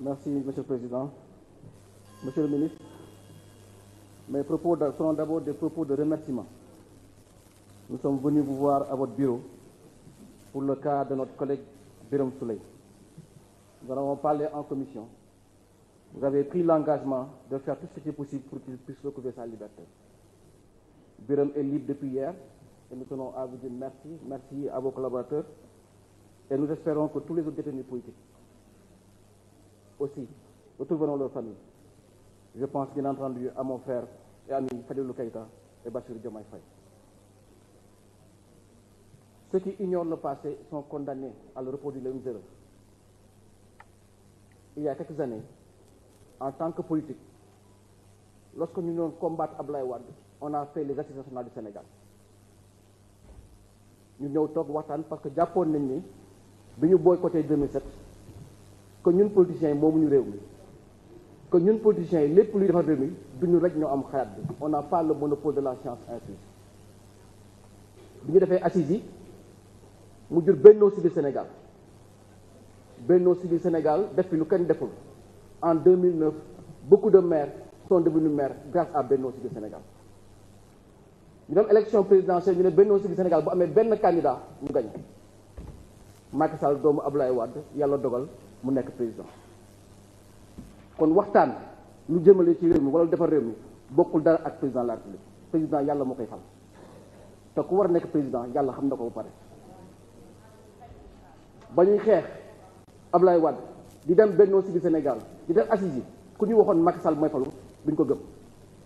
Merci, Monsieur le Président. Monsieur le ministre, mes propos seront d'abord des propos de remerciement. Nous sommes venus vous voir à votre bureau pour le cas de notre collègue Biram Souley. Nous en avons parlé en commission. Vous avez pris l'engagement de faire tout ce qui est possible pour qu'il puisse recouvrer sa liberté. Biram est libre depuis hier et nous tenons à vous dire merci, merci à vos collaborateurs et nous espérons que tous les autres détenus aussi autour de famille. Je pense bien entendu à mon frère et ami Fadilou Keïta et Bachir Diomaye Faye. Ceux qui ignorent le passé sont condamnés à le reproduire les mêmes Il y a quelques années, en tant que politique, lorsque nous devons combattre Ablaye Wade, on a fait les assises nationales du Sénégal. ñu ñëw toog waxtaan parce que jàppoon nañ ni bi ñu boycotté 2007 que ñun politiciens yi ñu réew mi que ñun politiciens yi lépp luy defar réew mi ñu rek ñoo am xalaat bi on n'a pas le monopole de la science infuse bi ñu defee assises yi mu jur Benno Siggil Sénégal Benno Siggil Sénégal def fi lu kenn deful en 2009 beaucoup de maire maires sont devenus maires grâce à Benno Siggil Sénégal ñu dem élection présidentielle ñu ne Benno Siggil Sénégal bu amee benn candidat ñu gañ Macky Sall doomu Abdoulaye Wade yàlla dogal mu nekk président kon waxtaan lu jëmale ci réew mi wala defar réew mi bokkul dara ak président de la République président yàlla moo koy fal te ku war a nekk président yàlla xam na ko ba pare ba ñuy xeex Abdoulaye Wade di dem Benno Siggil Sénégal di dem assise yi ku ñuy waxoon Macky Sall mooy falu duñ ko gëm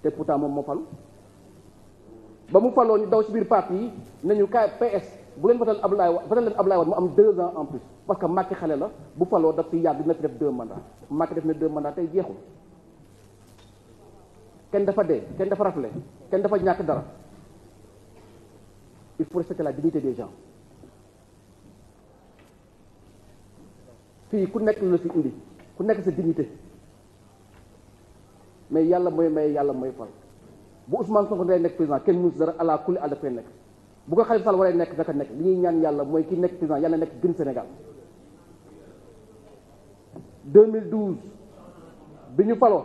te pourtant moom moo falu ba mu faloo ñu daw ci biir parti yi nañu KPS bu leen votel Abdoulaye Wade votel leen Abdoulaye Wade mu am deux ans en plus parce que Macky xale la bu faloo daf fi yàgg dina fi def deux mandats Macky def na deux mandats tey jeexul kenn dafa dee kenn dafa rafle kenn dafa ñàkk dara il faut respecter la dignité des gens fii ku nekk lu la fi indi ku nekk sa dignité mais yàlla mooy may yàlla mooy fal bu Ousmane Sonko day nekk président kenn mënu si dara ala kulli àll dafay nekk bu ko Khalifa Sall waree nekk naka nekk li ñuy ñaan yàlla mooy ki nekk président yàlla nekk gën Sénégal 2012 bi ñu falo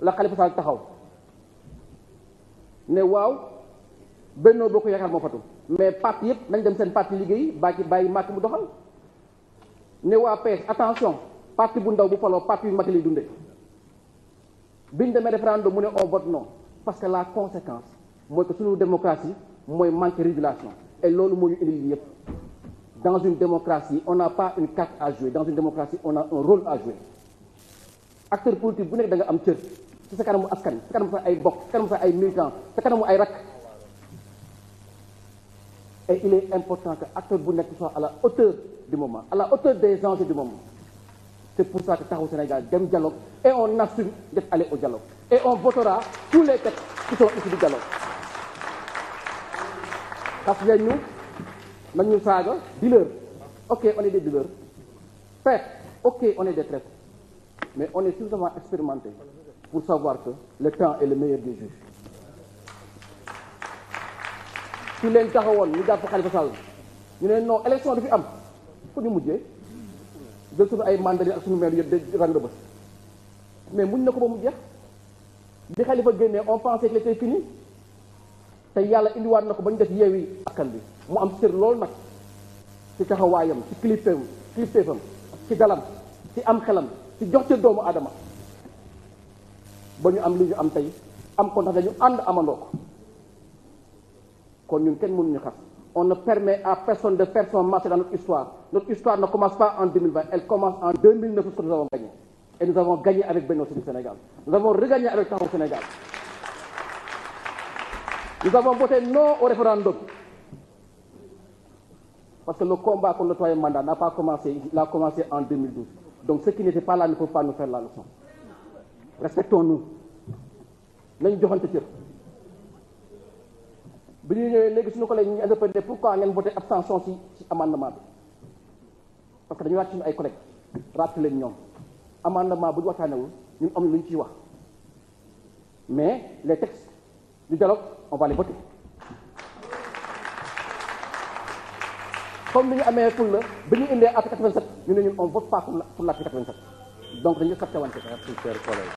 la Khalifa taxaw ne waaw Benno Bokk Yaakaar moo fatu mais parti yëpp nañ dem seen parti liggéey bàyyi bàyyi Macky mu doxal ne waa PS attention parti bu ndaw bu faloo parti yu mag lay dunde bi biñ demee référendum mu ne on vote non parce que la conséquence mooy que suñu démocratie mooy manque régulation et loolu mooy ñu indi lii yëpp dans une démocratie on n'a pas une carte à jouer dans une démocratie on a un rôle à jouer acteur politique bu nekk da nga am cër ci sa kanamu askan sa kanamu sa ay bokk sa kanamu sa ay militants sa kanamu ay rakk et il est important que acteur bu nekk soit à la hauteur du moment à la hauteur des enjeux du moment c'est pour sa que Taxawu Sénégal dem dialogue et on assume d'être les textes qui parce que ñu nañ ñu saaga dealer ok on est des dealers traite ok on est des mais on est expérimenté pour savoir que le temps est le meilleur des juges su leen taxawoon ñu jàpp Khalifa Sall ñu ne non élection du fi am fu ñu mujjee jël suñu ay mandarine ak suñu maire yëpp de rang de mais muñ na ko ba mu jeex bi Khalifa génnee on pensait que c'était fini te yàlla indiwaat na ko ba ñu def yeewi askan bi mu am cër lool nag ci taxawaayam ci kilifteem kilifteefam ci dalam ci am xelam ci jox cër doomu adama ba ñu am li ñu am tey am ko ndax dañu ànd amandoo ko kon ñun kenn mënuñu xas on ne permet à personne de faire son marché dans notre histoire notre histoire ne commence pas en 2020 elle commence en 2009 parce que nous avons gagné et nous avons gagné avec Benno Siggil Sénégal nous avons regagné avec Taxawu Sénégal Nous avons voté non au référendum. Parce que le combat contre le troisième mandat n'a pas commencé, la a commencé en 2012. Donc ceux qui n'étaient pas là ne peuvent pas nous faire la leçon. Respectons-nous. nañ joxante cër bi ñu ñëwee léegi suñu collègue ñu interpellé pourquoi ngeen voté abstention ci ci amendement bi parce que dañu wàcc suñu ay collègues rappelé leen ñoom amendement bu ñu waxtaanewul ñun am lu ñu ciy wax mais les textes du dialogue on va les voter comme ni ñu amee ful la bi ñu indee article 87 ñu ne ñun on vote pas pour l'article 87 donc dañu sàrte wante. merci cher collègue.